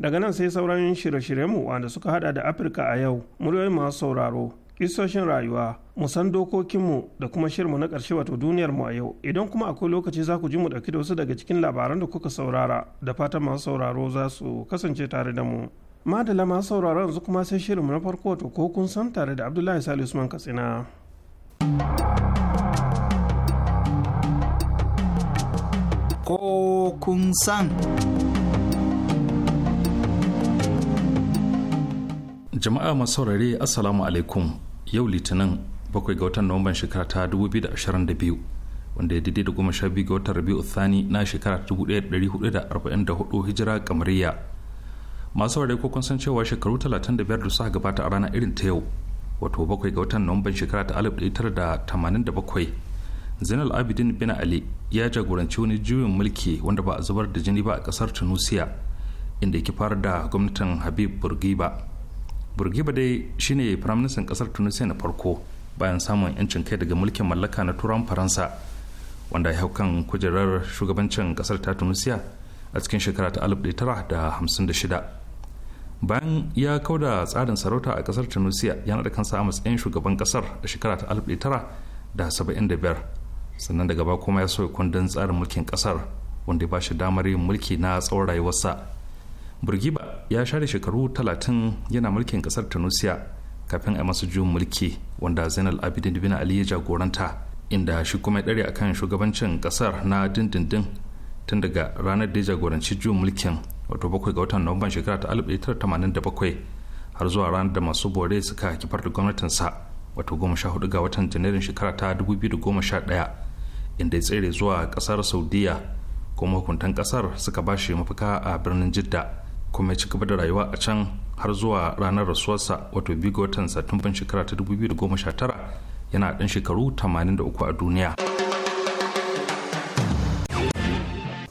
daga nan sai sauran shirye-shiryenmu wanda suka hada da afirka a yau muryoyin masu sauraro isoshin rayuwa mu san dokokinmu da kuma shirinmu na ƙarshe wato duniyar mu a yau idan kuma akwai lokaci za ku ji mu ɗauki da wasu daga cikin labaran da kuka saurara da fatan masu sauraro za su kasance tare da mu madala masu sauraro yanzu kuma sai shirinmu na farko wato ko kun san tare da abdullahi sali usman katsina ko kun san jama'a masu saurare assalamu alaikum yau litinin bakwai ga watan nuwamban shekara ta 2022 wanda ya daidai da goma sha biyu ga watan rabi'u thani na shekara 1444 hijira kamariya masu saurare ko kun san cewa shekaru 35 da suka gabata a rana irin ta yau wato bakwai ga watan nuwamban shekara ta 1987 zainal abidin bin ali ya jagoranci wani juyin mulki wanda ba a zubar da jini ba a kasar tunusiya inda ya fara da gwamnatin habib burgiba burgiba dai shine firaministan kasar tunisia na farko bayan samun 'yancin kai daga mulkin mallaka na turan faransa wanda ya kan kujerar shugabancin kasar ta tunisia a cikin shekara ta 1956 bayan ya kauda tsarin sarauta a kasar tunisia yana da kansa a matsayin shugaban kasar a shekara ta 1975 sannan daga ba kuma ya soya kundin tsarin mulkin kasar wanda ya ba shi damar yin mulki na tsawon rayuwarsa burgiba ya share shekaru talatin yana mulkin kasar tunisia kafin a masu juyin mulki wanda zainal abidin bin ali ya jagoranta inda shi kuma ya a kan shugabancin kasar na dindindin tun daga ranar da ya jagoranci juyin mulkin wato bakwai ga watan nuwamban shekara ta 1987 har zuwa ranar da masu bore suka kifar da gwamnatinsa wato goma sha hudu ga watan janairun shekara ta 2011 inda ya tsere zuwa kasar saudiya kuma hukuntan kasar suka bashi mafaka a birnin jidda kuma ya ci gaba da rayuwa a can har zuwa ranar rasuwarsa wato biyu ga watan satumban shekara ta 2019 yana dan shekaru 83 a duniya.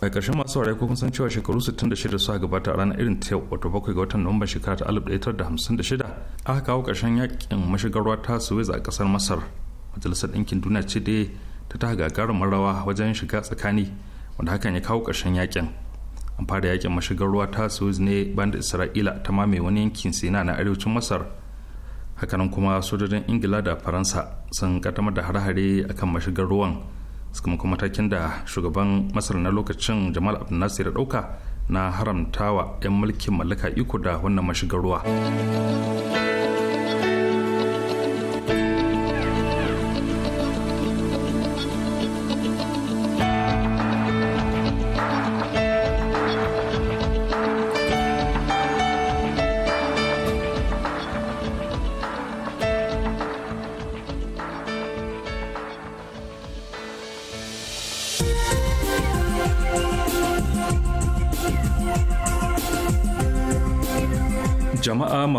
a ƙarshen masu saurari ko kun san cewa shekaru 66 suka gabata a ranar irin ta yau wato bakwai ga watan nuwamban shekara ta 1956 aka kawo ƙarshen yakin mashigar ruwa ta suez a ƙasar masar majalisar ɗinkin duniya ce da ta ta gagarumin rawa wajen shiga tsakani wanda hakan ya kawo ƙarshen yakin an fara yakin mashigar ruwa ta suez ne bayan isra'ila ta mame wani yankin sina na arewacin masar hakanan kuma sojojin ingila da faransa sun kaddamar da hare-hare akan mashigar ruwan kuma matakin da shugaban masar na lokacin jamal Abdel ya dauka na haramtawa 'yan mulkin mallaka iko da wannan mashigar ruwa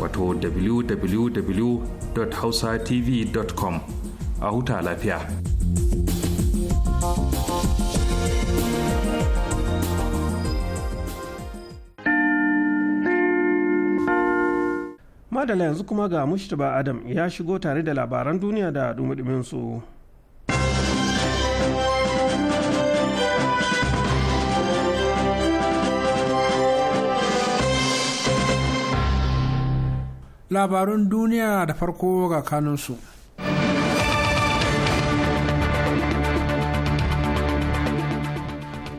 wato www.hausatv.com a huta lafiya. Madala yanzu kuma ga Mushtaba Adam ya shigo tare da labaran duniya da dumudumin su. labarun duniya da farko ga kanunsu.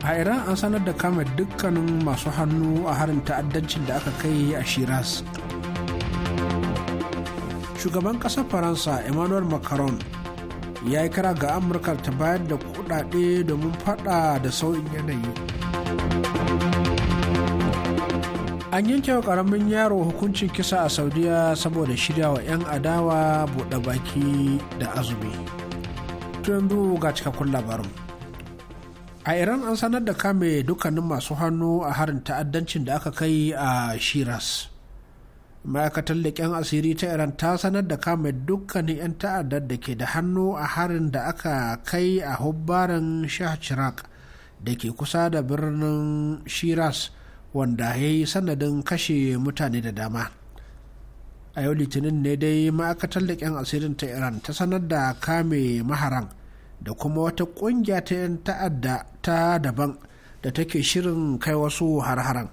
a iran an sanar da kama dukkanin masu hannu a harin ta'addancin da aka kai a shiraz shugaban ƙasar faransa emmanuel macron ya yi kira ga amurka ta bayar da kudade domin fada da sauyin yanayi an yanke wa karamin yaro hukuncin kisa a saudiya saboda shirya wa 'yan adawa buɗe baki da azumi yanzu ga cikakkun labarin a iran an sanar da kame dukkanin masu hannu a harin ta'addancin da aka kai a shiras ma'aikatar leƙen asiri ta iran ta sanar da kame dukkanin 'yan ta'addar da ke da hannu a harin da aka kai a hubbaran shah chirac da ke kusa da birnin shiras wanda ya yi sanadin kashe mutane da dama a yau litinin ne dai ma'aikatar 'yan asirin ta iran ta sanar da kame maharan da kuma wata ƙungiya ta 'yan ta'adda ta daban da take shirin kai wasu har-haren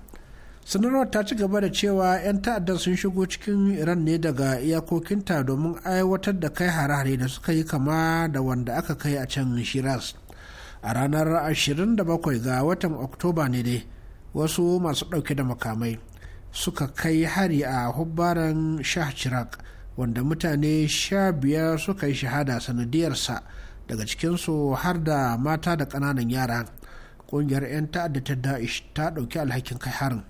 sanarwar ta ci gaba da cewa 'yan ta'addan sun shigo cikin iran ne daga iyakokinta domin aiwatar da kai har-hare da suka yi kama da wanda aka kai a can shiraz a ranar 27 ga watan oktoba ne dai wasu masu ɗauke da makamai suka kai hari a hubbaran shah chirac wanda mutane sha biyar suka yi shahada sanadiyarsa daga cikinsu har da mata da ƙananan yara ƙungiyar 'yan ta'adda ta da'ish ta ɗauki alhakin kai harin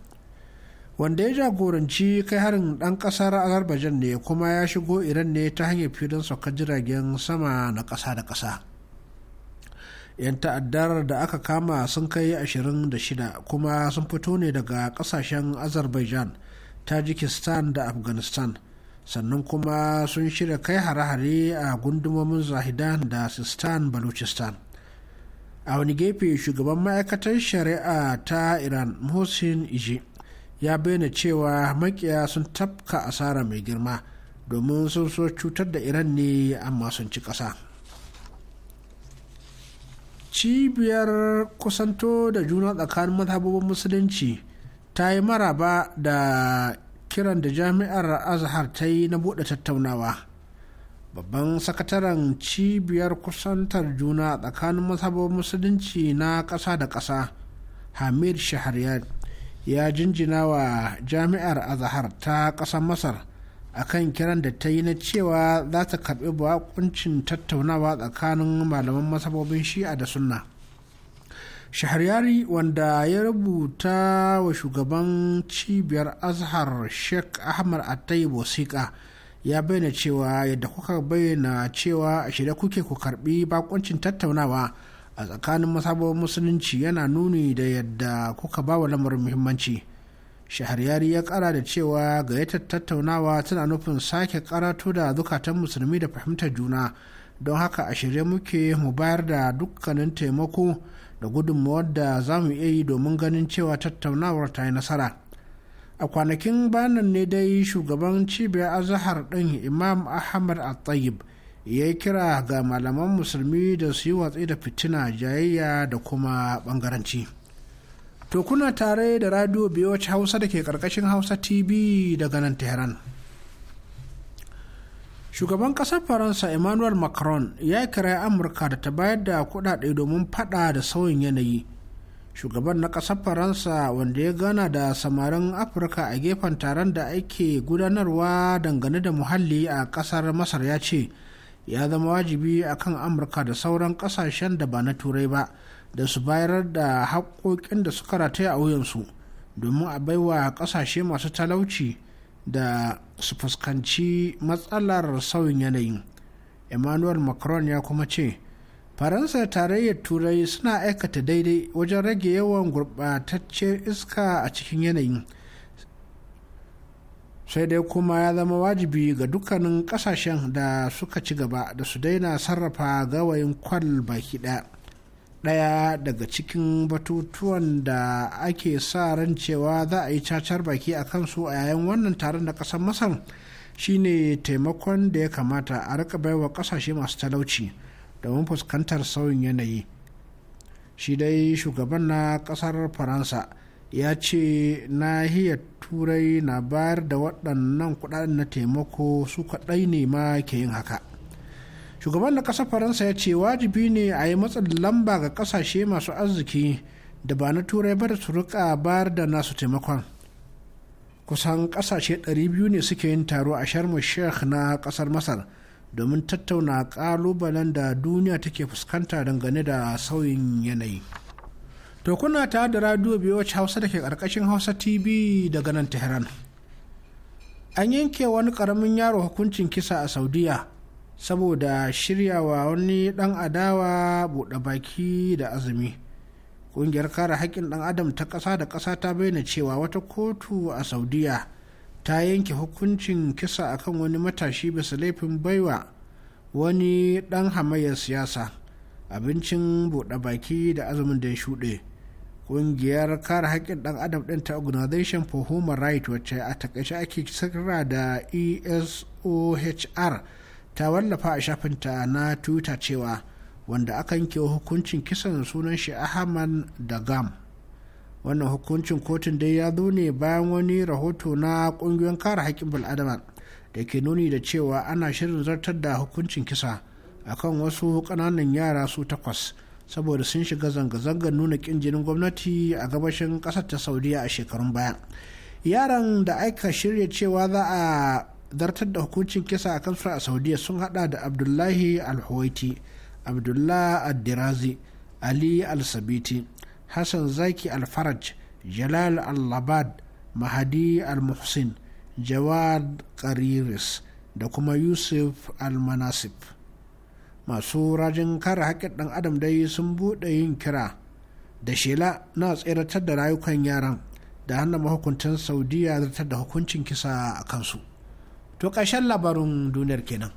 wanda ya jagoranci kai harin ɗan ƙasar azerbaijan ne kuma ya shigo iran ne ta hanyar filin saukar jiragen sama na ƙasa da ƙasa 'yan ta'addar da aka kama sun kai 26 kuma sun fito ne daga kasashen azerbaijan tajikistan da afghanistan sannan kuma sun shirya kai hare-hare a gundumomin zahidan da sistan baluchistan a wani gefe shugaban ma'aikatar shari'a ta iran mohsin iji ya bayyana cewa makiya sun tafka asara mai girma domin sun so cutar da iran ne amma sun ci ƙasa. cibiyar kusanto da juna tsakanin mazhabobin musulunci ta yi maraba da kiran da jami'ar azhar ta yi na buɗe tattaunawa babban sakataren cibiyar kusantar juna tsakanin mazhabobin musulunci na ƙasa da ƙasa hamid shahariyar ya jinjina wa jami'ar azhar ta ƙasar masar akan kiran da ta yi na cewa za ta karbi bakuncin tattaunawa tsakanin malaman masabobin shi'a da sunna shahariyari wanda ya rubuta wa shugaban cibiyar azhar sheikh ahmad atai bosika ya bayyana cewa yadda kuka bayyana cewa a shirya kuke ku karbi bakuncin tattaunawa a tsakanin masabobin musulunci yana nuni da yadda kuka ba wa lamarin muhimmanci. shahariyari ya kara da cewa gayyatar tattaunawa tana nufin sake karatu da zukatan musulmi da fahimtar juna don haka a shirye muke mu bayar da dukkanin taimako da gudunmawar da za mu iya yi domin ganin cewa tattaunawar ta yi nasara a kwanakin banan ne dai shugaban cibiyar azahar ɗin imam ahmad al-tayyib ya yi kira ga malaman musulmi da su yi watsi da fitina jayayya da kuma ɓangaranci. To kuna tare da radio BOH Hausa da ke karkashin Hausa TV daga nan Tehran. Shugaban ƙasar Faransa Emmanuel Macron ya kira Amurka da ta bayar da kuɗaɗe domin faɗa da sauyin yanayi. Shugaban na ƙasar Faransa wanda ya gana da samarin Afirka a gefen taron da ake gudanarwa dangane da muhalli a ƙasar Masar ya ce, ya zama wajibi akan Amurka da sauran ƙasashen da ba na Turai ba. da su bayar da haƙoƙin da suka rataya a wuyansu domin a baiwa ƙasashe masu talauci da su fuskanci matsalar sauyin yanayin emmanuel macron ya kuma ce faransa tarayyar turai suna aikata daidai wajen rage yawan gurɓatacciyar iska a cikin yanayin sai dai kuma ya zama wajibi ga dukkanin ƙasashen da suka ci gaba da su daina sarrafa gawayin kwal baki ɗaya ɗaya daga cikin batutuwan da ake sa ran cewa za a yi cacar baki a kansu a yayin wannan taron da ƙasar masar shine taimakon da ya kamata a rika baiwa ƙasashe masu talauci domin fuskantar sauyin yanayi shi dai shugaban na ƙasar faransa ya ce nahiyar turai na bayar da waɗannan kuɗaɗen na taimako su kaɗai ne ma ke yin haka shugaban na ƙasar faransa ya ce wajibi ne a yi matsa lamba ga ƙasashe masu arziki da ba na turai ba da su rika bayar da nasu taimakon kusan ƙasashe 200 ne suke yin taro a sharm sheikh na ƙasar masar domin tattauna ƙalubalen da duniya take fuskanta dangane da sauyin yanayi to kuna ta da radio wacce hausa da ke ƙarƙashin hausa tv daga nan tehran an yanke wani ƙaramin yaro hukuncin kisa a saudiya saboda shiryawa wani ɗan adawa buɗe baki da azumi ƙungiyar kare haƙƙin ɗan adam ta ƙasa da ƙasa ta bayyana cewa wata kotu a saudiya ta yanke hukuncin kisa akan wani matashi bisa laifin baiwa wani ɗan hamayyar siyasa abincin buɗe baki da azumin da ya shuɗe ƙungiyar kare haƙƙin ɗan adam ɗin ta organization for human rights wacce a takaice ake kira da esohr ta wallafa a shafinta na twitter cewa wanda aka yanke hukuncin kisan sunan shi ahmad da Gam, wannan hukuncin kotun dai ya zo ne bayan wani rahoto na kungiyoyin kare haƙƙin bil'adama da ke nuni da cewa ana shirin zartar da hukuncin kisa akan wasu ƙananan yara su takwas saboda sun shiga zanga-zangar nuna ƙin jinin gwamnati a gabashin ƙasar ta saudiya a shekarun baya yaran da aika shirya cewa za a zartar da hukuncin kisa a kansu a saudiya sun hada da abdullahi alhuwaiti abdullah addirazi ali al-sabiti hassan zaki al-faraj jalal al-labad mahadi al-muhsin jawad kariris da kuma yusuf al-manasif masu rajin kare haƙƙin ɗan adam dai sun buɗe yin kira da shela na tseratar da rayukan yaran da hannun mahukuntan saudiya zartar da hukuncin kisa a kansu to ƙarshen labarin duniyar kenan.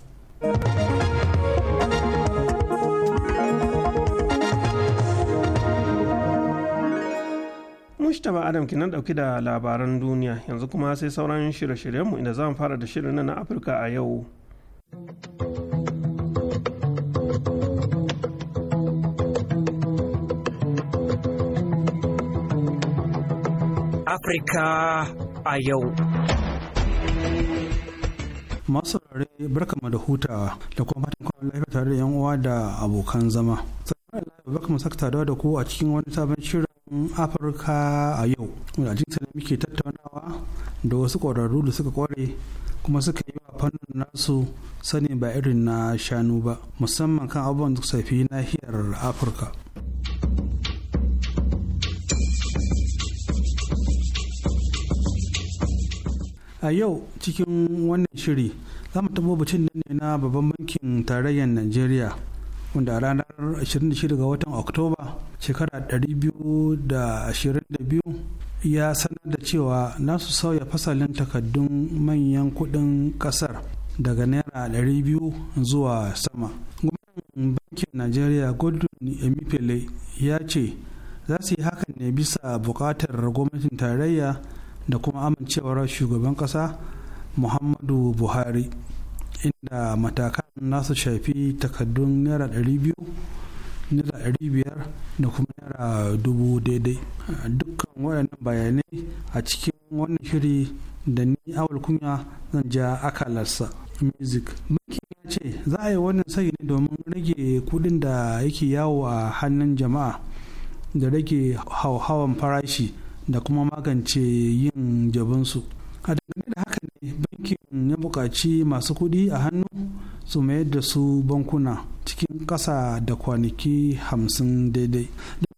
Mustapha Adam kenan dauke da labaran duniya yanzu kuma sai sauran shirye-shiryenmu inda za mu fara da shirin na Afirka a yau. Afirka a yau. masu rare barkama da hutawa da kuma fatan kwanan lafiya tare da yan uwa da abokan zama sannan barka mu saka tada da ku a cikin wani sabon shirin afirka a yau wanda a cikin muke tattaunawa da wasu ƙwararru da suka ƙware kuma suka yi wa fannin nasu sani ba irin na shanu ba musamman kan abubuwan da safi nahiyar afirka a yau cikin wannan shiri za mu tabo batun ne na babban bankin tarayyar najeriya wanda a ranar 26 ga watan oktoba shekara 222 ya sanar da cewa nasu sauya fasalin takaddun manyan kudin kasar daga naira 200 zuwa sama gwamnan bankin najeriya gordon emifele ya ce za su yi hakan ne bisa bukatar gwamnatin tarayya da kuma amincewar shugaban kasa muhammadu buhari inda matakan nasu shafi takaddun naira 200 naira 500 da kuma naira dubu daidai dukkan wayannan bayanai a cikin wannan shiri da ni awal kunya zan ja akalarsa music bankin ya ce za a yi wannan sai ne domin rage kudin da yake yawo a hannun jama'a da rage hauhawan farashi da kuma magance yin jabinsu a dangane da haka ne bankin ya buƙaci masu kuɗi a hannu su mayar da su bankuna cikin ƙasa da kwanaki hamsin daidai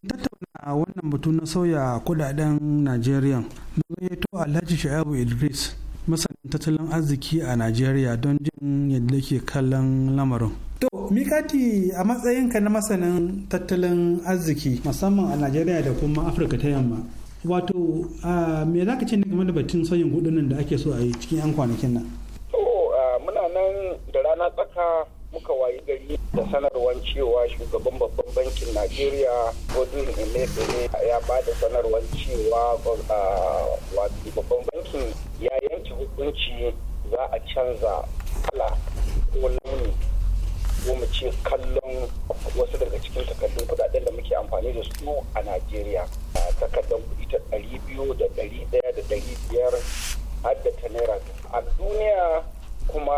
tattauna wannan batu na sauya kudaden najeriya mun gayyato alhaji sha'abu idris masanin tattalin arziki a nigeria don jin yadda ke kallon lamarin to mikati a matsayinka na masanin tattalin arziki musamman a nigeria da kuma afirka ta yamma wato me za ka ce game da batun sauyin gudunan da ake so a yi cikin 'yan kwanakin nan to muna nan da rana tsaka muka wayi gari da sanarwar cewa shugaban babban bankin najeriya godwin emefiele ya ba da sanarwar cewa wato babban bankin ya yanke hukunci za a canza kala ko launi ko mu ci kallon wasu daga cikin takardun kudaden da muke amfani da su a najeriya a takardun kuɗi ta ɗari biyu da ɗari ɗaya da ɗari biyar har da ta naira a duniya kuma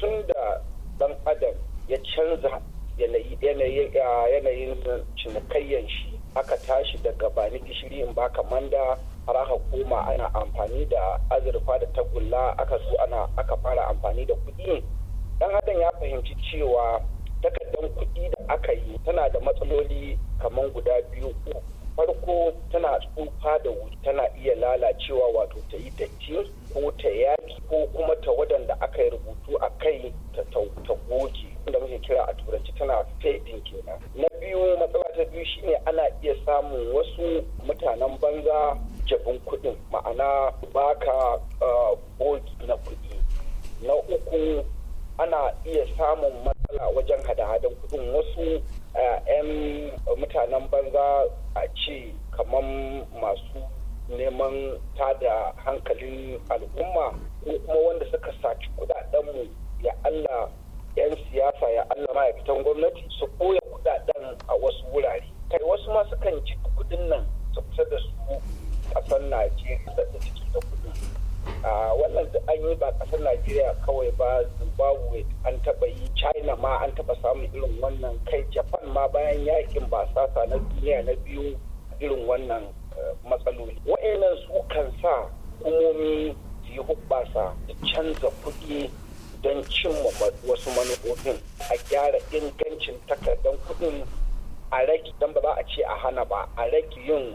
tun da ɗan adam ya canza yanayin cinikayyar shi aka tashi daga bani gishiri in baka manda har aka koma ana amfani da azurfa da tagulla aka so ana aka fara amfani da kuɗi dan adam ya fahimci cewa takardar kuɗi da aka yi tana da matsaloli kamar guda biyu farko tana tsufa da wuri tana iya lalacewa wato ta yi datti ko ta yaki ko kuma ta wadanda aka yi rubutu a kai ta ta goge da muke kira a turanci tana fading kenan na biyu matsala ta biyu shine ana iya samun wasu mutanen banza jabin kuɗin ma'ana baka bogi ah, na kuɗi na uku ana iya samun matsala wajen hada-hadan kudin wasu 'yan mutanen banza a ce kamar masu neman tada hankalin al'umma ko kuma wanda suka saci kudadenmu ya Allah 'yan siyasa ya Allah ma'aikatan gwamnati su koya kudaden a wasu wurare kai wasu ma sukan ci kudin nan su kusa da su kasan Najeriya da a wannan da an yi ba kasar najeriya kawai ba zimbabwe an taba yi china ma an taba samun irin wannan kai japan ma bayan yakin basasa na duniya na biyu irin wannan eh, matsaloli wa'annan su kan sa hukumomi su yi hubbasa da canza kuɗi don cimma wasu manufofin a gyara ingancin takardar kuɗin a rage don ba za a ce a hana ba a rage yin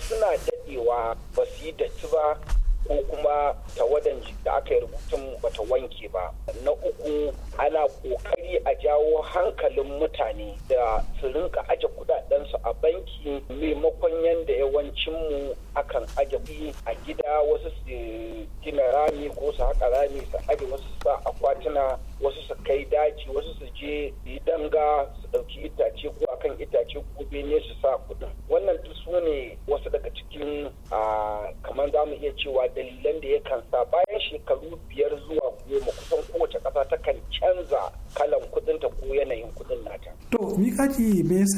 suna da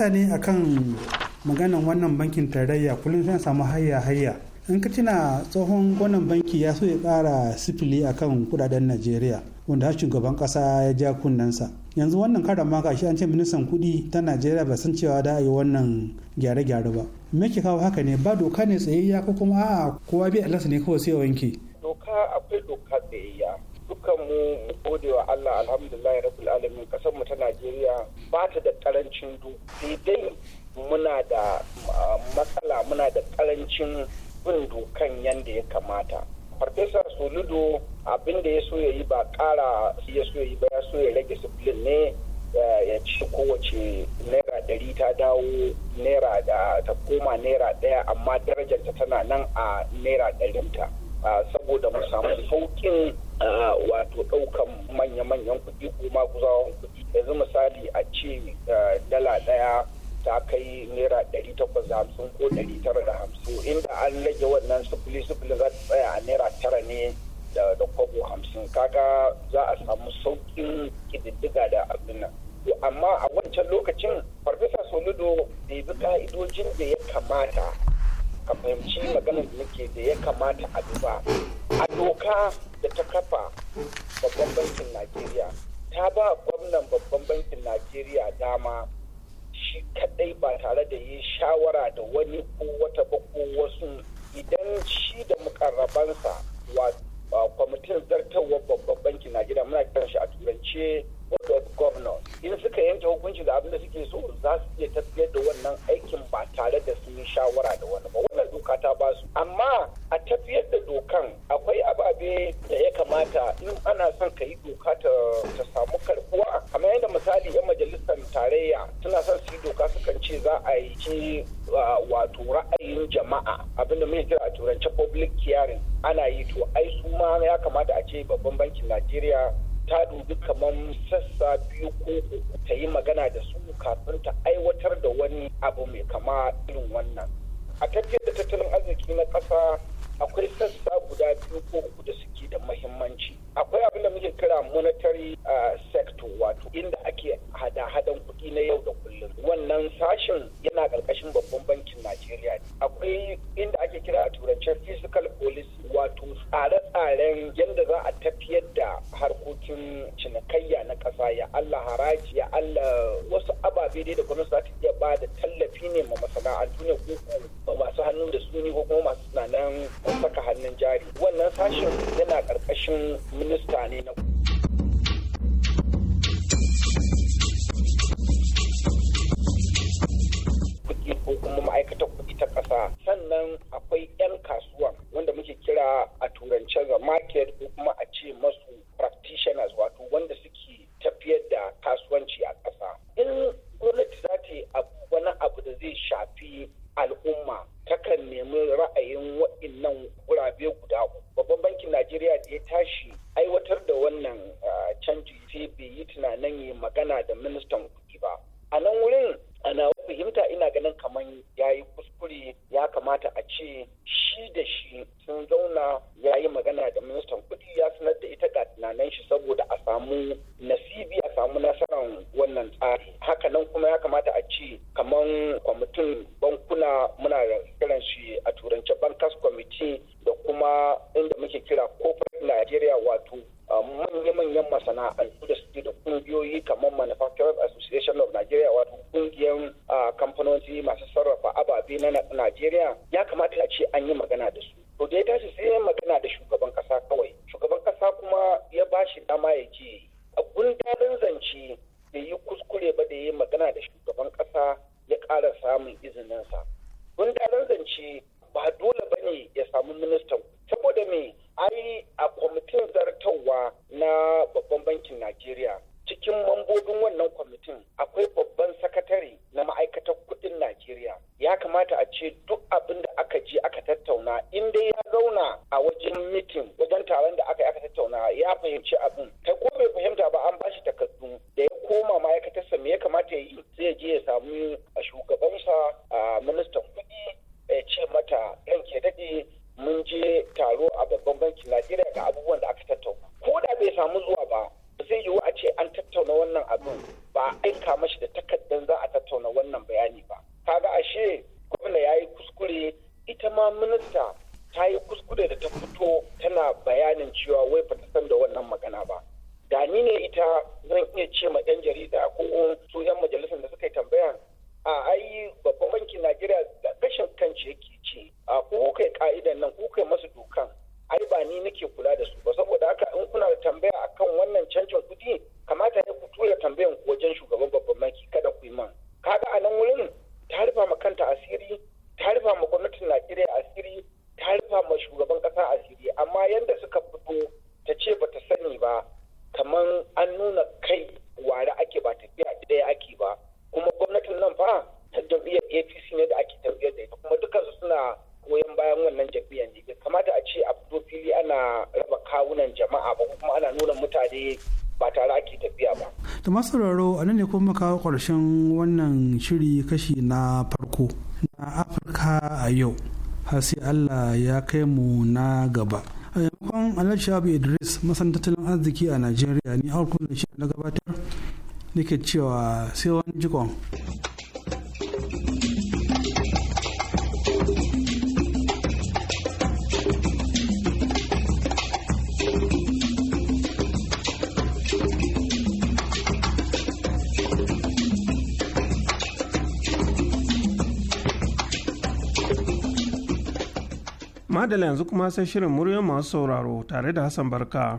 yasa ne akan maganan wannan bankin tarayya kullum sai samu hayya hayya in ka tuna tsohon gwanan banki ya so ya kara sifili akan kudaden najeriya wanda har shugaban kasa ya ja kunnensa yanzu wannan karan ma gashi an ce ministan kudi ta najeriya ba san cewa da a yi wannan gyare-gyare ba me ke kawo haka ne ba doka ne tsayayya ko kuma a'a kowa bi alasa ne kawai sai wanke doka akwai doka tsayayya dukkan mu gode wa Allah alhamdulillah rabbil alamin kasar mu ta Najeriya ba ta da karancin sai dai muna da matsala muna da karancin bin dokan yadda ya kamata farfesa soludo abin da ya so ya yi ba kara ya so ya yi ba ya so ya rage sibilin ne ya ci kowace naira ɗari ta dawo naira da ta koma naira ɗaya amma darajarta tana nan a naira ɗarinta saboda mu samu sauƙin wato ɗaukan manya-manyan kuɗi ko maguzawan kuɗi yanzu misali a ce eh, dala ɗaya ta kai naira ɗari takwas da hamsin ko ɗari tara da hamsin inda an rage wannan sufuli sufuli za ta tsaya a naira tara ne da kwabo hamsin kaga za a samu sauƙin ƙididdiga da abin nan amma a wancan lokacin farfesa soludo bai bi ka'idojin da ya kamata ka fahimci maganar da nake da ya kamata a duba a doka da ta kafa babban bankin najeriya ta ba gwamnan babban bankin najeriya dama shi kadai ba tare da yi shawara da wani ko wata ba ko wasu idan shi da mukarrabansa kwamitin zartarwar babban bankin najeriya muna kiran shi a turance governor in suka yanke hukunci da abin da suke so za su iya tafiyar da wannan aikin ba tare da sun yi shawara da wani ba wannan doka ta ba su amma a tafiyar da dokan akwai ababe da ya kamata in ana son ka yi doka ta samu karbuwa kamar yadda misali yan majalisar tarayya suna son su yi doka sukan ce za a yi ce wato ra'ayin jama'a abinda da kira a turance public hearing ana yi to ai su ma ya kamata a ce babban bankin najeriya ta dubi kamar sassa biyu ko ta yi magana da su kafin ta aiwatar da wani abu mai kama irin wannan a tafiyar da tattalin arziki na ƙasa akwai sassa guda biyu ko uku da suke da muhimmanci. akwai abin da muke kira monetary uh, sector wato inda ake hada-hadan kuɗi na yau da kullum wannan sashen yana ƙarƙashin babban bankin najeriya akwai inda ake kira a turance physical policy wato tsare-tsaren yadda za a tafiyar da harkokin cinikayya na ƙasa ya allah haraji ya allah wasu ababe dai da gwamnati za ta iya ba da tallafi ne ma masana'antu ne ko masu hannu da su ne ko kuma masu tunanin saka hannun jari wannan sashen yana ƙarƙashin minista ne na kuɗi ko kuma ma'aikatar kuɗi ta ƙasa sannan akwai 'yan kasuwa wanda muke kira a turance ga market fahimci abin ta ko bai fahimta ba an bashi takardu da ya koma ma'aikatarsa me ya kamata ya yi zai je ya samu a shugabansa a minista ƙarshen wannan shiri kashi na farko na afirka a yau har sai allah ya kai mu na gaba a yankon alhaji idris masan tattalin arziki a najeriya ne a da shi na gabatar nake cewa sai wani jikon madala yanzu kuma sai shirin muryar masu sauraro tare da hassan barka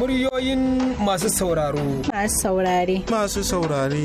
muryoyin masu sauraro masu saurare masu saurare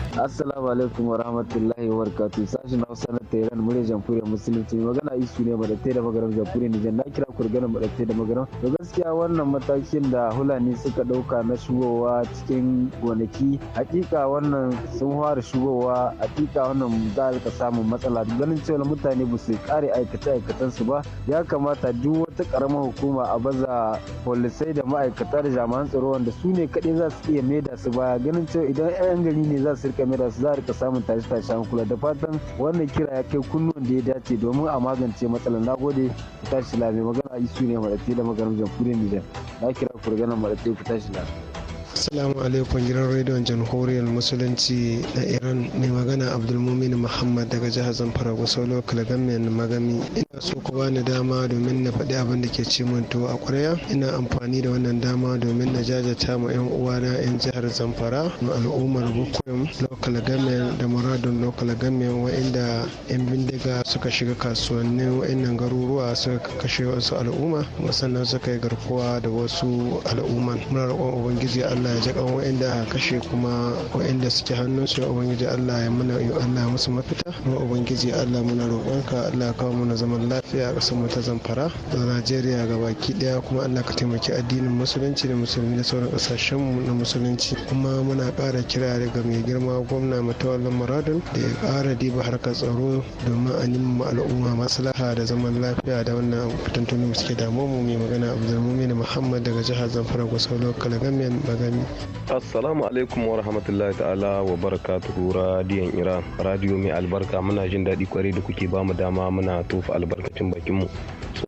Assalamu alaikum wa rahmatullahi wa barakatuh. Sashen Hausa na Tehran murya jamhuriyar Musulunci magana isu ne madatai da magaram jamhuriyar Nijar na kira ku ganin madatai da magaram. To gaskiya wannan matakin da Hulani suka dauka na shugowa cikin gonaki hakika wannan sun fara shugowa hakika wannan za a samun matsala ganin cewa mutane ba su kare aikace aikatan ba ya kamata duk wata karamar hukuma a baza polisai da ma'aikata da jami'an tsaro wanda su ne kaɗai za su iya maida su baya ganin cewa idan 'yan gari ne za su rika lamira su za a rika samun tashi tashi kula da fatan wannan kira ya kai kunnuwan da ya dace domin a magance matsalar na gode ku tashi lami magana isu ne maɗaɗe da maganar jamhuriyar nijar na kira ku maganar maɗaɗe ku tashi lami. Assalamu alaikum gidan rediyon jamhuriyar musulunci na Iran mai magana Abdulmumin Muhammad daga jihar Zamfara Gusolo Kalgamen Magami. Ina so ku bani dama domin na faɗi abin da ke ci to a ƙwarya. Ina amfani da wannan dama domin na jajata ma 'yan uwana 'yan jihar Zamfara na al'ummar Bukum Local Government da Muradun Local Government wa'inda 'yan bindiga suka shiga kasuwannin wa'innan garuruwa suka kashe wasu al'umma sannan suka yi garkuwa da wasu al'umman. Muna roƙon Ubangiji Allah Allah ya ji kan wa'anda a kashe kuma wa'anda suke hannun su ubangiji Allah ya muna Allah musu mafita kuma ubangiji Allah muna roƙonka Allah ya kawo mana zaman lafiya a ƙasar mu ta Zamfara da Najeriya baki daya kuma Allah ka taimaki addinin musulunci da musulmi da sauran ƙasashen mu na musulunci kuma muna ƙara kira daga mai girma gwamna matawallan muradun da ya ƙara diba harkar tsaro domin a nima al'umma maslaha da zaman lafiya da wannan mu suke damu mu mai magana Abdulmumin Muhammad daga jihar Zamfara Gusau Lokal Gamen Magana malami Assalamu alaikum wa rahmatullahi ta'ala wa barakatuhu radiyon Iran. Radiyo mai albarka muna jin daɗi kwarai da kuke bamu dama muna tofa albarkacin bakinmu.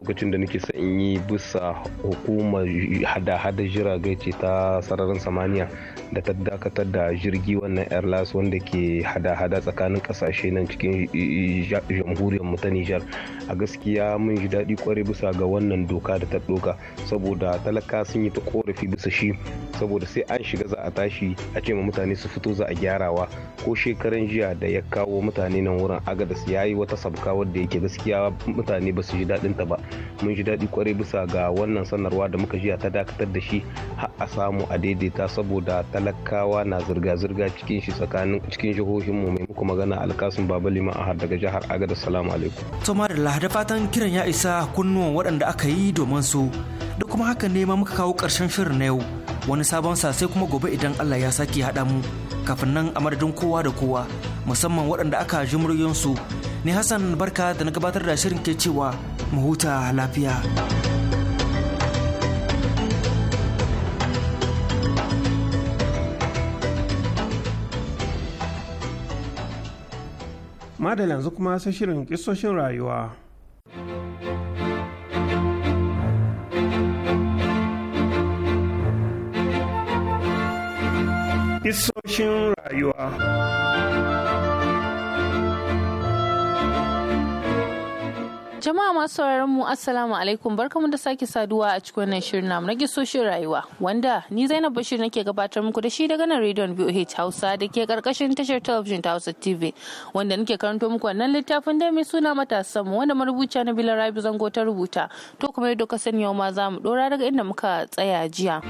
lokacin da nake son in yi bisa hukumar hada-hada jiragai ce ta sararin samaniya da ta dakatar da jirgi wannan airlines wanda ke hada-hada tsakanin kasashe nan cikin eh, eh, jamhuriyar mu ta nijar a gaskiya mun ji daɗi kwarai bisa ga wannan doka da ta doka saboda talaka sun yi ta korafi bisa shi saboda sai an shiga za a tashi a ce ma mutane su fito za a gyarawa ko shekaran jiya da ya kawo mutane nan wurin agadas ya yi wata sabka wadda yake gaskiya mutane ba su ji daɗinta ba mun ji daɗi kwarai bisa ga wannan sanarwa da muka jiya ta dakatar da shi har a samu a daidaita saboda talakawa na zirga-zirga cikin shi tsakanin cikin jihohin mu muku magana alkasun baba liman har daga jihar agada salamu alaikum. to da da fatan kiran ya isa kunnuwan waɗanda aka yi domin su da kuma hakan ne ma muka kawo ƙarshen shirin na yau wani sabon sa sai kuma gobe idan Allah ya sake haɗa mu kafin nan a madadin kowa da kowa musamman waɗanda aka ji muryoyinsu ne Hassan barka da na gabatar da shirin ke cewa mu huta lafiya. Madal yanzu kuma sai shirin kisoshin rayuwa. Kisoshin rayuwa. Jama'a masu sauraron mu Assalamu alaikum barkamu da sake saduwa a cikin wannan shirin namu na gisoshin rayuwa wanda ni Zainab Bashir nake gabatar muku da shi daga nan rediyon BOH Hausa da ke karkashin tashar talabijin ta Hausa TV wanda nake karanto muku wannan littafin da mai suna matasan mu wanda marubuciya na Bilal Rabi Zango ta rubuta to kuma yadda ka sani yau ma za mu dora daga inda muka tsaya jiya.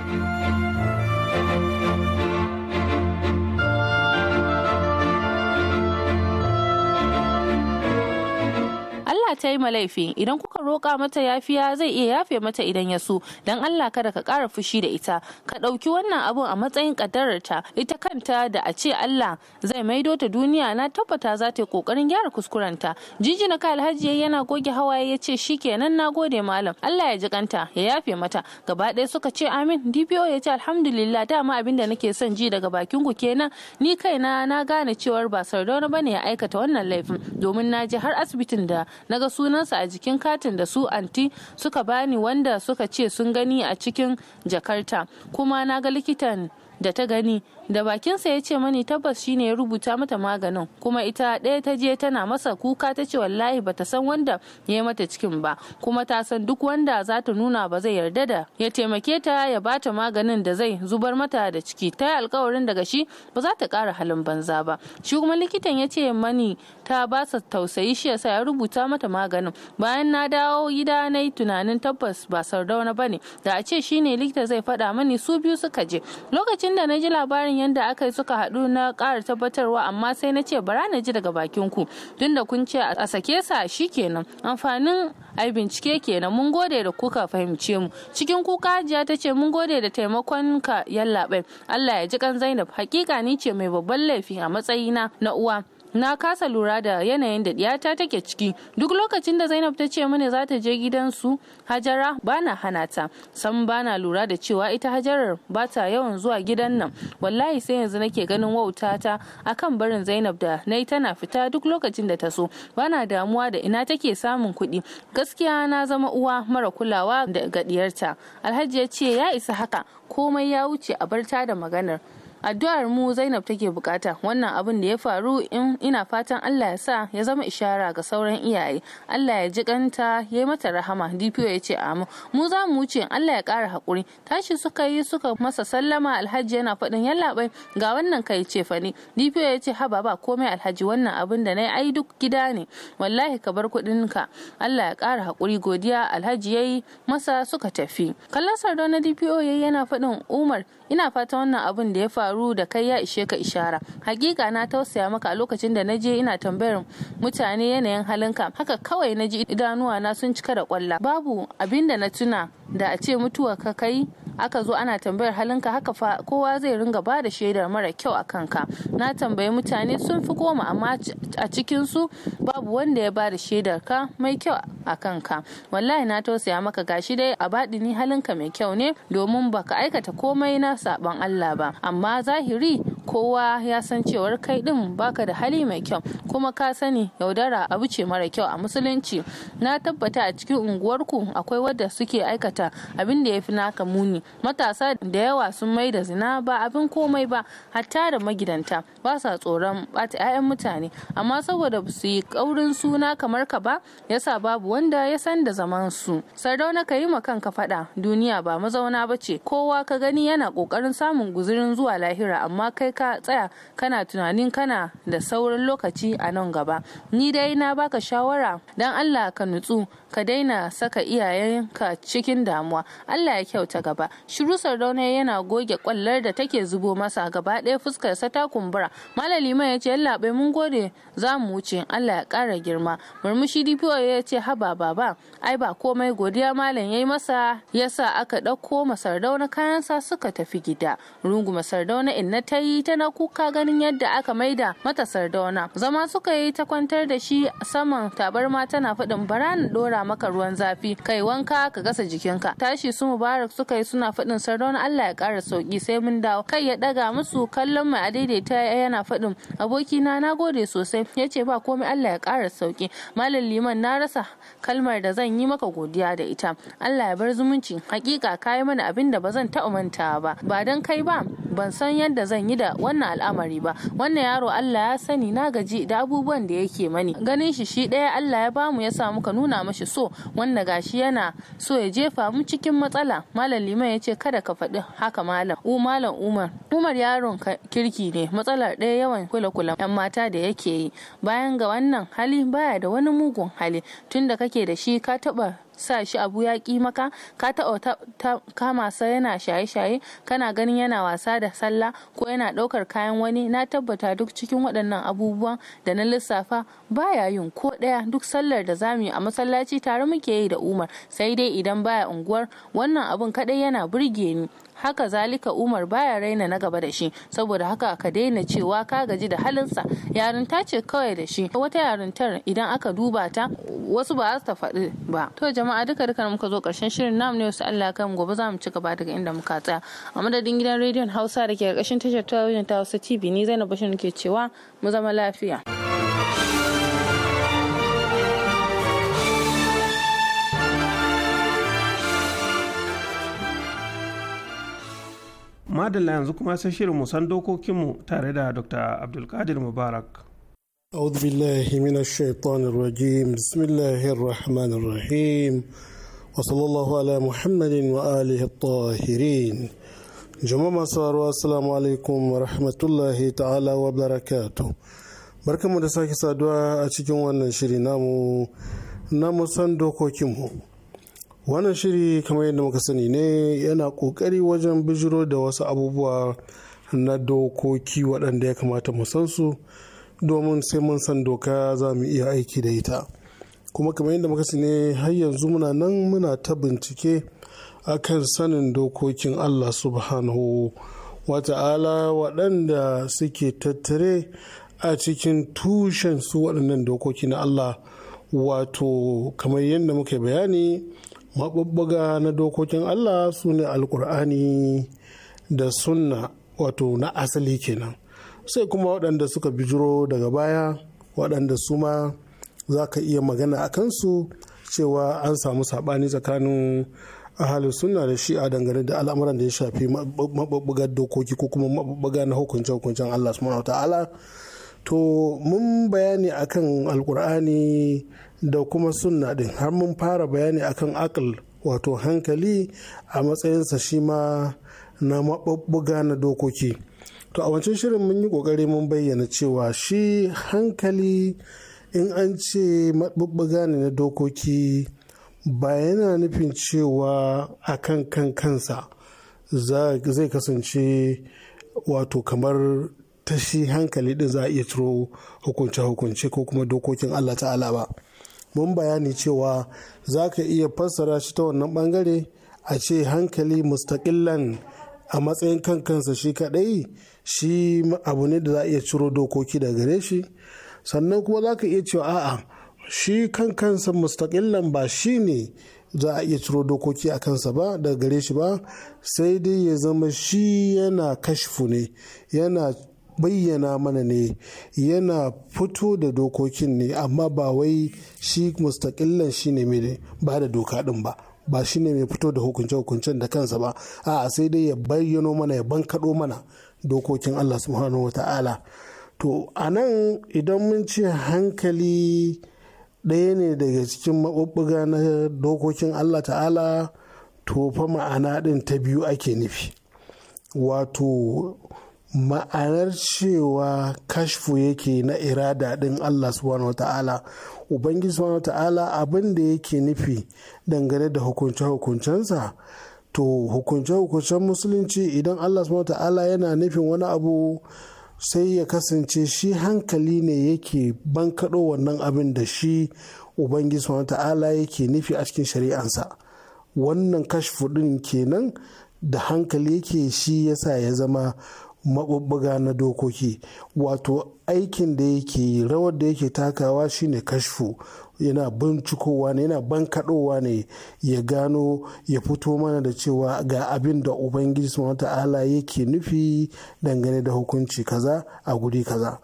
Allah ta yi ma laifin idan kuka roƙa mata yafiya zai iya yafe mata idan ya so dan Allah kada ka ƙara fushi da ita ka ɗauki wannan abun a matsayin ƙaddararta ita kanta da a ce Allah zai maido ta duniya na tabbata za ta yi ƙoƙarin gyara kuskurenta jijina ka alhaji yana goge hawaye ya ce shikenan na gode malam Allah ya ji kanta ya yafe mata gaba ɗaya suka ce amin DPO ya ce alhamdulillah dama abin da nake son ji daga bakin ku kenan ni kaina na gane cewar ba sardauna bane ya aikata wannan laifin domin na je har asibitin da na ga sunansa a jikin katin da su anti suka bani wanda suka ce sun gani a cikin jakarta kuma na ga likitan da ta gani da bakinsa ya ce mani tabbas shine ya rubuta mata maganin kuma ita ɗaya ta je tana masa kuka ta ce wallahi bata san wanda ya yi mata cikin ba kuma ta san duk wanda za ta nuna ba zai yarda da ya taimake ta ya bata maganin da zai zubar mata da ciki ta yi alkawarin daga shi ba za ta ƙara halin banza ba shi kuma likitan ya ce mani ta ba sa tausayi shi yasa ya rubuta mata maganin bayan na dawo gida na yi tunanin tabbas ba sardauna ba ne da a ce shine likita zai faɗa mani su biyu suka je lokacin da na ji labarin kan yadda aka yi suka haɗu na ƙara tabbatarwa amma sai na ce bara na ji daga bakin ku tun da kun ce a sake sa shi kenan amfanin ai bincike kenan mun gode da kuka fahimce mu cikin kuka hajiya ta ce mun gode da taimakon ka yallaɓai Allah ya ji kan Zainab hakika ni ce mai babban laifi a matsayina na uwa na kasa lura da yanayin da ɗiyata take ciki duk lokacin da zainab ta ce mini za ta je gidansu hajara bana hana ta san bana lura da cewa ita hajarar ba ta yawan zuwa gidan nan wallahi sai yanzu nake ganin wauta ta akan barin zainab da na yi tana fita duk lokacin da ta so bana damuwa da ina take samun kuɗi gaskiya na zama uwa mara kulawa da gadiyarta alhaji ya ce ya isa haka komai ya wuce a barta da maganar addu'ar mu zainab take bukata wannan abin da ya faru in ina fatan allah ya sa ya zama ishara ga sauran iyaye allah ya ji ya yi mata rahama dpo ya ce Amu mu za mu wuce allah ya kara hakuri tashi suka yi suka masa sallama alhaji yana faɗin yallaɓai ga wannan kai ce fani dpo ya ce haba ba komai alhaji wannan abin da na yi ai duk gida ne wallahi ka bar kuɗin ka allah ya kara hakuri godiya alhaji ya yi masa suka tafi kallon na dpo ya yana faɗin umar ina fatan wannan abin da ya faru faru da kai ya ishe ka ishara hakika na tausaya maka a lokacin da na je ina tambayar mutane yanayin halinka haka kawai na ji idanuwa na sun cika da kwalla babu abin da na tuna da a ce mutuwa ka kai aka zo ana tambayar halinka haka fa kowa zai ringa ba da shaidar mara kyau a kanka na tambayi mutane sun fi goma amma a cikinsu babu wanda ya ba da shaidar ka mai kyau a kanka wallahi na tausaya maka gashi dai a baɗi baɗini halinka mai kyau ne domin baka aikata komai na sabon Allah ba amma zahiri kowa ya san cewar kai din baka da hali mai kyau kuma ka sani yaudara abu ce mara kyau a musulunci na tabbata a cikin unguwarku akwai wadda suke aikata abin da ya fi naka muni matasa da yawa sun mai da zina ba abin komai ba hatta da magidanta ba sa tsoron bata 'ya'yan mutane amma saboda ba su yi kaurin suna kamar ka ba yasa babu wanda ya san da zaman su sardauna ka yi ka faɗa duniya ba mazauna ba ce kowa ka gani yana ƙoƙarin samun guzurin zuwa lahira amma kai ka tsaya kana tunanin kana da sauran lokaci a nan gaba ni dai na baka shawara dan Allah ka nutsu ka daina saka iyayenka cikin damuwa Allah ya kyauta gaba shiru sardauna yana goge kwallar da take zubo masa gaba ɗaya fuskarsa ta kumbura malam liman ya ce yallaɓe mun gode za mu wuce Allah ya ƙara girma murmushi DPO ya ce haba baba ai ba komai godiya malam yayi masa yasa aka ɗauko masardauna kayan sa suka tafi gida runguma sardauna inna ta yi tana kuka ganin yadda aka maida mata sardauna zama suka yi ta kwantar da shi saman tabarma tana faɗin bara na ɗora maka ruwan zafi kai wanka ka gasa jikinka tashi su mubarak suka yi suna faɗin sardauna Allah ya kara sauki sai mun dawo kai ya daga musu kallon mai adaidaita yana faɗin abokina na gode sosai yace ba komai Allah ya kara sauki malam liman na rasa kalmar da zan yi maka godiya da ita Allah ya bar zumunci hakika ka mana abin da ba zan taɓa mantawa ba ba dan kai ba ban san yadda zan yi da wannan al'amari ba wannan yaro Allah ya sani na gaji da abubuwan da yake mani ganin shi shi ɗaya Allah ya bamu ya samu ka nuna mashi so wanda gashi yana so ya jefa mu cikin matsala malam liman ya ce kada ka faɗi haka malam u malam umar umar yaron kirki ne matsalar ɗaya yawan kula kula yan mata da yake yi bayan ga wannan hali baya da wani mugun hali tunda kake da shi ka taɓa sa shi abu ya ƙi maka ka taɓa kama sa yana shaye-shaye kana ganin yana wasa da sallah ko yana ɗaukar kayan wani na tabbata duk cikin waɗannan abubuwan da na lissafa baya yin ko ɗaya duk sallar da zamu yi a masallaci tare muke yi da umar sai dai idan baya unguwar wannan abun kaɗai yana burge ni haka zalika umar baya raina na gaba da shi saboda haka ka daina cewa ka gaji da halinsa yarinta ce kawai da shi wata yarintar idan aka duba ta wasu ba su ta faɗi ba to jama'a duka duka muka zo karshen shirin namu ne wasu Allah kan gobe za mu ci gaba daga inda muka tsaya a madadin gidan rediyon Hausa da ke ƙarƙashin tashar talabijin ta Hausa TV ni Zainab Bashir ke cewa mu zama lafiya. madalla yanzu kuma sai shirin musan dokokinmu tare da dr abdulkadir mubarak أعوذ mina من الشيطان الرجيم بسم الله wa الرحيم وصلى الله على محمد وآله الطاهرين jama'a sauraro assalamu alaikum wa rahmatullahi ta'ala wa barakatu barkanmu da sake saduwa a cikin wannan shiri namu na musan dokokinmu wannan shiri kamar yadda muka sani ne yana kokari wajen bijiro da wasu abubuwa na dokoki waɗanda ya kamata mu san su domin sai mun san doka za mu iya aiki da ita kuma kamar yadda muka sani har yanzu muna nan muna ta bincike akan sanin dokokin allah subhanahu wata'ala waɗanda suke tattare a cikin tushen su waɗannan dokoki na allah wato kamar yadda muka bayani maɓuɓɓuga na dokokin Allah su ne alkur'ani da sunna wato na asali kenan sai kuma waɗanda suka bijiro daga baya waɗanda su ma za ka iya magana a kansu cewa an samu saɓani tsakanin ahalin sunna da shi'a dangane da al'amuran da ya shafi maɓuɓɓugar dokoki ko kuma maɓuɓɓuga na hukuncen-hukuncen Allah subhanahu wa ta'ala to mun bayani akan alkur'ani da kuma sunna din har mun fara bayani akan akal wato hankali a matsayinsa shi ma na maɓuɓɓuga na dokoki to a wancan shirin mun yi ƙoƙari mun bayyana cewa shi hankali in an ce maɓuɓɓuga ne na dokoki ba yana nufin cewa a kan kan kansa zai kasance wato kamar ta shi hankali din za a iya turo hukunce-hukunce ko kuma dokokin allah ta'ala ba mun bayani cewa za ka iya fassara shi ta wannan bangare a ce hankali mustaƙillan a matsayin kan kansa shi kaɗai shi abu ne da za a iya ciro dokoki da gare shi sannan kuma za ka iya cewa a'a shi kan kansa mustaƙillan ba shi ne za a iya ciro dokoki a kansa ba daga gare shi ba sai dai ya zama shi yana kashfu ne yana bayyana mana ne yana fito da dokokin ne amma ba wai shi mustaƙillan shi ne mai ba da doka ɗin ba ba shi ne mai fito da hukunce-hukuncen da kansa ba a sai dai ya bayyano mana ya bankaɗo mana dokokin allah subhanahu wa ta'ala to a nan idan mun ce hankali ɗaya ne daga cikin maɓuɓɓuga na dokokin allah ta'ala to fa ma'ana ɗin ta biyu ake nufi wato ma'anar cewa kashfu yake na irada din Allah subhanahu wa ta'ala ubangiji subhanahu wa ta'ala abin da yake nufi dangane da hukunce-hukuncensa to hukunce-hukuncen musulunci idan Allah subhanahu wa ta'ala yana nufin wani abu sai ya kasance shi hankali ne yake bankaɗo wannan abin da shi ubangiji subhanahu wa ta'ala yake nufi a cikin shari'ansa wannan kashfu din kenan da hankali yake shi yasa ya zama maɓuɓɓuga na dokoki wato aikin da yake yi rawar da yake takawa shine kashfu yana bincikowa ne yana bankaɗowa ne ya gano ya fito mana da cewa ga abin da ubangiji su ta'ala yake nufi dangane da hukunci kaza a guri kaza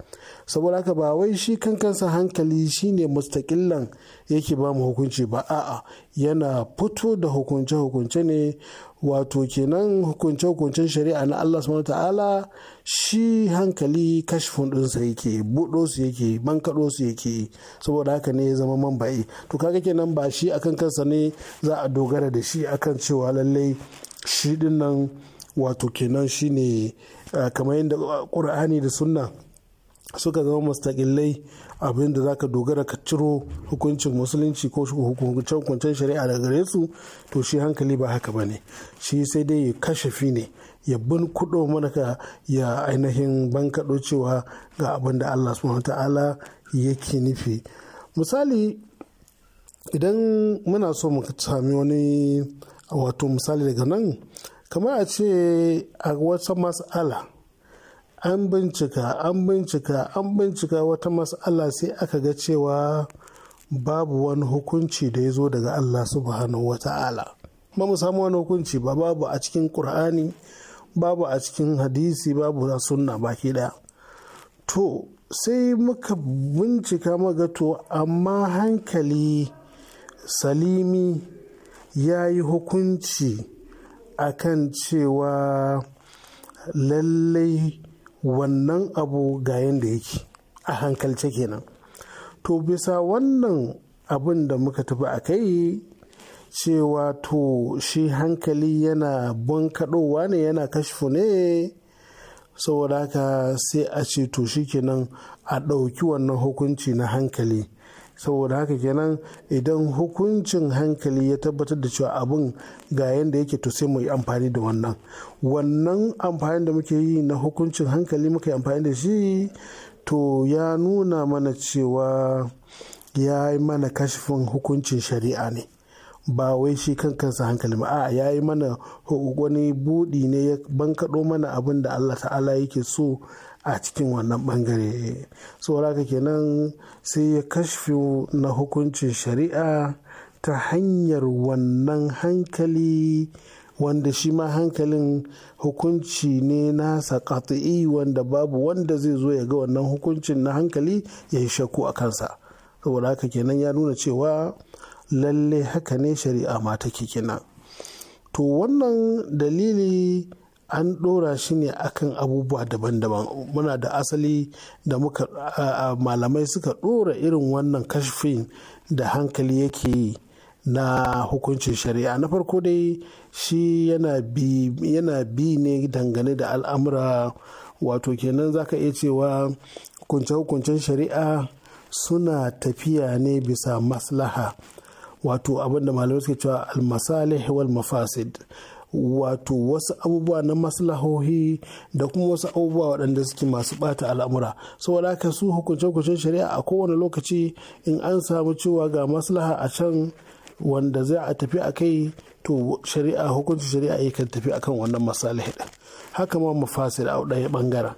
saboda haka ba wai shi kankansa hankali shine mustaƙillan yake ba mu hukunci ba a'a yana fito da hukunce-hukunce ne wato kenan hukunce-hukuncen shari'a na Allah subhanahu ta'ala shi hankali kashfin ɗinsa yake buɗo su yake bankaɗo su yake saboda haka ne ya zama man ba'i to kaga kenan ba shi akan kansa ne za a dogara da shi akan cewa lallai shi ɗin nan wato kenan shine eh, kamar yadda ƙur'ani da sunna suka zama mustaƙillai abin da ka dogara ka ciro hukuncin musulunci ko hukuncin shari'a daga gare su to shi hankali ba haka ba ne shi sai dai ya fi ne ya bin kudo mana ka ya ainihin bankaɗo cewa ga abin da Allah subhanahu ta'ala yake nufi misali idan muna so mu sami wani wato misali daga nan kamar a ce a wata mas'ala an bincika an bincika an bincika wata mas'ala sai aka ga cewa babu wani hukunci da ya zo daga Allah subhanahu wa ta'ala ba mu samu wani hukunci ba babu a cikin ƙur'ani babu a cikin hadisi babu a sunna baki ɗaya to sai muka bincika maga to amma hankali salimi ya yi hukunci akan cewa lallai wannan abu ga yadda yake a hankalce kenan to bisa wannan abin da muka tafi a kai cewa to shi hankali yana bankaɗowa ne yana kashfu ne saboda haka sai a ce to shi kenan a ɗauki wannan hukunci na hankali saboda haka kenan idan hukuncin hankali ya tabbatar da cewa abun ga yadda yake to sai mu yi amfani da wannan wannan amfani da muke yi na hukuncin hankali muka yi amfani da shi to ya nuna mana cewa ya yi mana kashifin hukuncin shari'a ne ba wai shi kan kansa hankali ba a ya yi mana wani budi ne ya bankaɗo mana abin da allah ta'ala yake so a cikin wannan bangare saboda kenan sai ya kashfi na hukuncin shari'a ta hanyar wannan hankali wanda shi ma hankalin hukunci ne na qati'i wanda babu wanda zai zo ya ga wannan hukuncin na hankali ya yi shakku a kansa saboda haka kenan ya nuna cewa lalle haka ne shari'a ma take kenan to wannan dalili an ɗora shi ne akan abubuwa daban-daban muna da asali da muka malamai suka ɗora irin wannan kashfin da hankali yake yi na hukuncin shari'a na farko dai shi yana bi ne dangane da al'amura wato kenan zaka iya cewa hukunce-hukuncen shari'a suna tafiya ne bisa maslaha wato abinda malamai suke cewa al-masalih wal mafasid wato wasu abubuwa na maslahohi da kuma wasu abubuwa waɗanda suke masu ɓata al'amura saboda haka su hukunce-hukuncen shari'a a kowane lokaci in an samu cewa ga maslaha a can wanda za a tafi a kai to shari'a hukunci shari'a yakan tafi akan wannan masalahi ɗin haka ma mafasir a ɗaya bangaren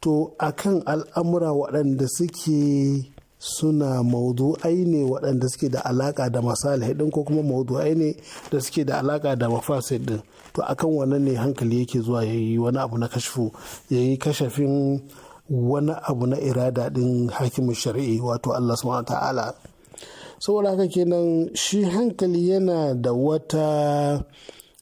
to akan al'amura waɗanda suke suna maudu'ai ne waɗanda suke da alaƙa da masalih ɗin ko kuma maudu'ai ne da suke da alaƙa da mafasid ɗin to akan wannan ne hankali yake zuwa ya yi wani abu na kashfu ya yi kashafin wani abu na irada ɗin hakimin shari'i wato Allah subhanahu ta'ala saboda haka kenan shi hankali yana da wata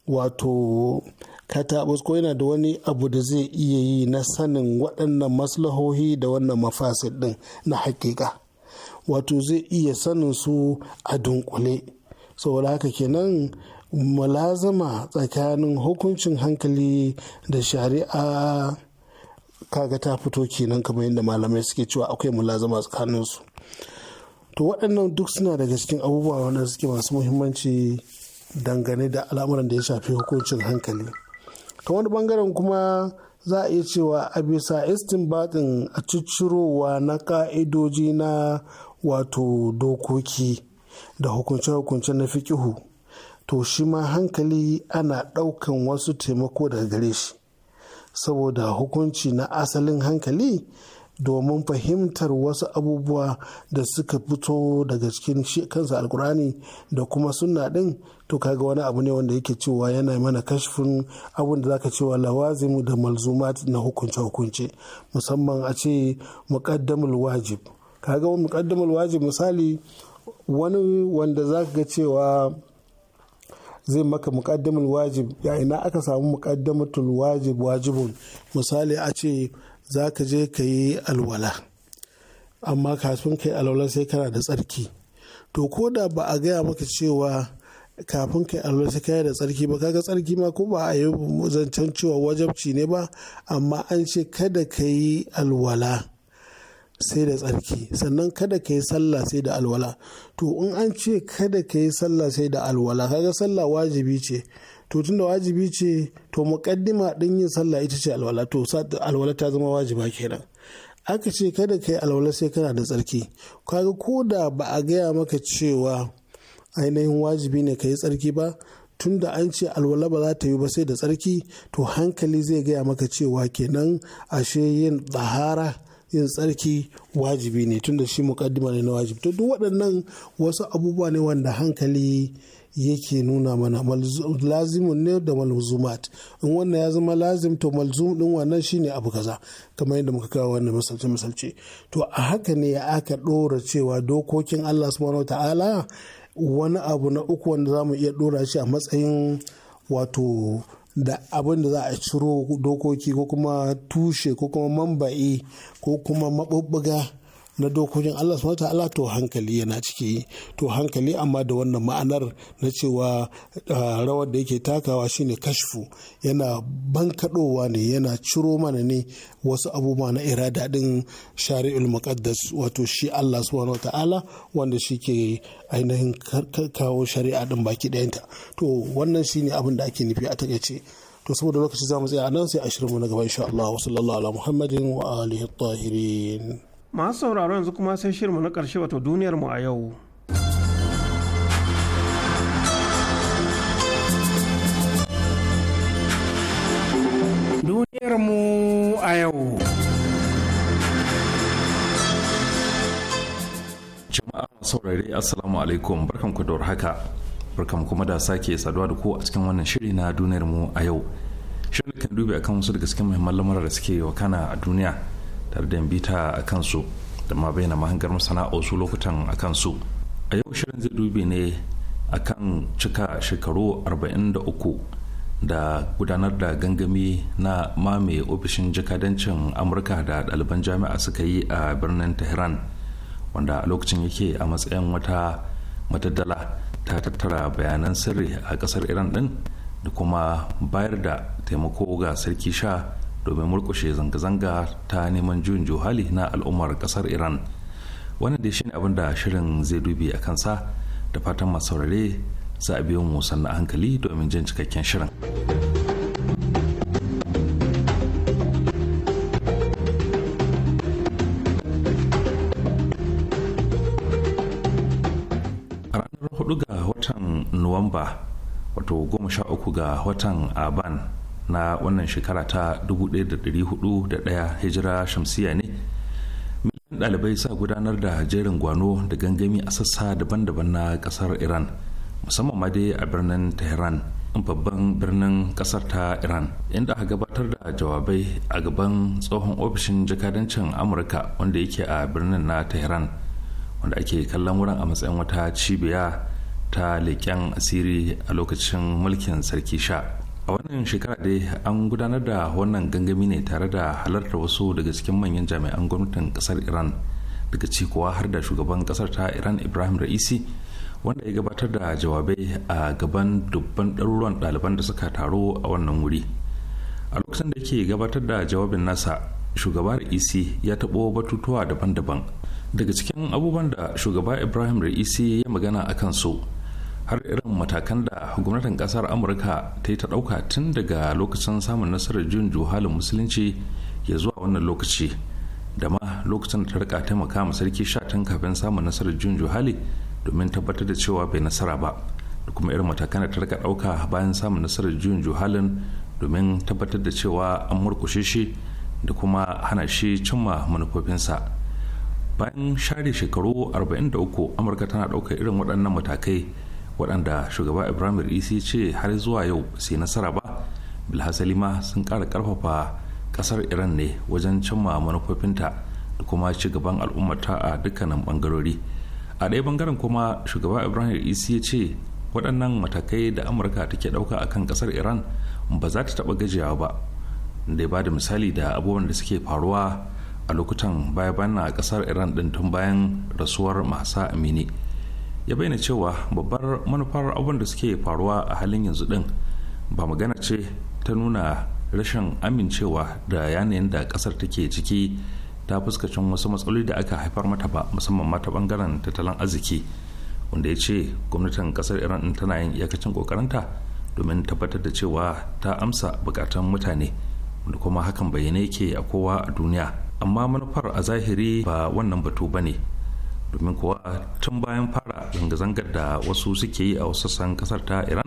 wato katabus ko yana da wani abu da zai iya yi na sanin waɗannan maslahohi da wannan mafasid ɗin na hakika wato zai iya sanin su a dunkule saboda haka kenan mulazama tsakanin hukuncin hankali da shari'a kaga ta fito kenan kamar yadda malamai suke cewa akwai mulazama tsakanin su to waɗannan duk suna daga cikin abubuwa wanda suke masu muhimmanci dangane da al'amuran da ya shafi hukuncin hankali ta wani bangaren kuma za a iya cewa a bisa batin a ciccirowa na ka'idoji na wato dokoki da hukunce-hukunce na fikihu to shi ma hankali ana ɗaukan wasu taimako daga gare shi saboda hukunci na asalin hankali domin fahimtar wasu abubuwa da suka fito daga cikin kansa alkurani da kuma sunna din to kaga wani abu ne wanda yake cewa yana mana kashfin abun da zaka cewa lawazimu da malzumat na hukunce hukunce musamman a ce muqaddamul wajib kaga wani mukaddamar wajib misali wani wanda za ka ga cewa zai maka mukaddamar wajib ya ina aka samu mukaddamatul wajib wajibun misali a ce za ka je ka yi alwala amma kafin ka yi alwala sai kana da tsarki to ko da ba a gaya maka cewa kafin kai alwala sai kana da tsarki ba kaga tsarki ma ko ba a yi zancen cewa wajabci ne ba amma an ce kada ka yi alwala sai da tsarki sannan kada ka yi sallah sai da alwala to in an ce kada ka yi sallah sai da alwala kaga sallah wajibi ce to tunda wajibi ce to muƙaddima din yin sallah ita ce alwala to alwala ta zama wajiba kenan aka ce kada ka yi alwala sai kana da tsarki kaga ko da ba a gaya maka cewa ainihin wajibi ne ka yi tsarki ba tun da an ce alwala ba za ta yi ba sai da tsarki to hankali zai gaya maka cewa kenan ashe yin tsahara yin tsarki wajibi ne tun da shi mukaddima ne na wajibi to duk waɗannan wasu abubuwa ne wanda hankali yake nuna mana lazimun ne da malzumat in wannan ya zama lazim to malzum din wannan shine abu kaza kamar yadda muka kawo wannan misalce misalce to a haka ne ya aka ɗora cewa dokokin Allah subhanahu ta'ala wani abu na uku wanda zamu iya ɗora shi a matsayin wato da abin da za a ciro dokoki ko kuma tushe ko kuma mamba'i ko kuma maɓuɓɓuga na dokokin Allah subhanahu ta'ala to hankali yana ciki to hankali amma da wannan ma'anar na cewa rawar da yake takawa shine kashfu yana bankadowa ne yana ciro mana ne wasu abubuwa na irada din shari'ul muqaddas wato shi Allah subhanahu ta'ala wanda shi ke ainihin kawo shari'a din baki ɗayanta to wannan shine abin da ake nufi a takaice to saboda lokaci za mu tsaya a nan sai a mu na gaba insha Allah wa sallallahu ala muhammadin wa alihi tahirin masu sauraro yanzu kuma sai shirmu na ƙarshe wato duniyar mu a yau duniyar mu a yau jama'a saurare assalamu alaikum barkanku da haka Barkanku, kuma da sake saduwa da ku a cikin wannan shiri na duniyar a yau shirin kan dubi akan wasu daga cikin muhimman lamura da suke wakana a duniya tare da bita a kansu da ma bayyana mahangar masana'osu lokutan a kansu a yau shirin zai dubi ne a kan cika shekaru 43 da gudanar da gangami na mame ofishin jikadancin amurka da ɗaliban jami'a suka yi a birnin tehran wanda a lokacin yake a matsayin wata mataddala ta tattara bayanan sirri a ƙasar iran ɗin da kuma bayar da taimako ga sarki sha domin murkushe zanga-zanga ta neman juyin juhali na al'ummar kasar iran wani da shi abin da shirin zai dubi a kansa da fatan masu saurare za a biyo mu sannan hankali domin jin cikakken shirin ranar 4 ga watan nuwamba wato 13 ga watan aban na wannan shekara ta 1401 hijira shamsiya ne miliyan dalibai sa gudanar da jerin gwano da gangami a sassa daban-daban na kasar iran musamman ma dai a birnin tehran babban birnin ƙasar ta iran inda aka gabatar da jawabai a gaban tsohon ofishin jakadancin amurka wanda yake a birnin na tehran wanda ake kallon wurin a matsayin wata cibiya ta leƙen asiri a lokacin mulkin sarki sha a wannan shekara dai an gudanar da wannan gangami ne tare da halarta wasu daga cikin manyan jami'an gwamnatin kasar iran daga ci har da shugaban kasar ta iran ibrahim ra'isi wanda ya gabatar da jawabai a gaban dubban ɗaruruwan ɗaliban da suka taro a wannan wuri a lokacin da ke gabatar da jawabin nasa shugaba ra'isi ya taɓo batutuwa daban-daban daga cikin abubuwan da shugaba ibrahim ra'isi ya magana a kansu har irin matakan da gwamnatin kasar amurka ta yi ta dauka tun daga lokacin samun nasarar jin juhalin musulunci ya zuwa wannan lokaci da ma lokacin da ta rika taimaka ma sarki sha tun kafin samun nasarar jin juhali domin tabbatar da cewa bai nasara ba da kuma irin matakan da ta rika dauka bayan samun nasarar jin juhalin domin tabbatar da cewa an murkushe shi da kuma hana shi cimma manufofinsa bayan share shekaru 43 amurka tana ɗaukar irin waɗannan matakai waɗanda shugaba ibrahim isi ce har zuwa yau sai nasara ba bilhassali ma sun ƙara ƙarfafa ƙasar iran ne wajen cimma manufofinta da kuma ci gaban al'ummata a dukkanin ɓangarori a ɗaya ɓangaren kuma shugaba ibrahim isi ya ce waɗannan matakai da amurka take ɗauka a kan ƙasar iran ba za ta taɓa gajiyawa ba da ba da misali da abubuwan da suke faruwa a lokutan baya-bayan a ƙasar iran ɗin tun bayan rasuwar masa amini ya bayyana cewa babbar manufar abin da suke faruwa a halin yanzu din ba magana ce ta nuna rashin amincewa da yanayin da kasar take ciki ta fuskacin wasu matsaloli da aka haifar mata ba musamman mata bangaren tattalin arziki wanda ya ce gwamnatin kasar iran tana yin iyakacin kokarinta domin tabbatar da cewa ta amsa bukatan mutane wanda kuma hakan bayyane yake a kowa a duniya amma manufar a zahiri ba wannan batu ba ne domin kuwa tun bayan fara zanga-zangar da wasu suke yi a wasu sassan kasar ta iran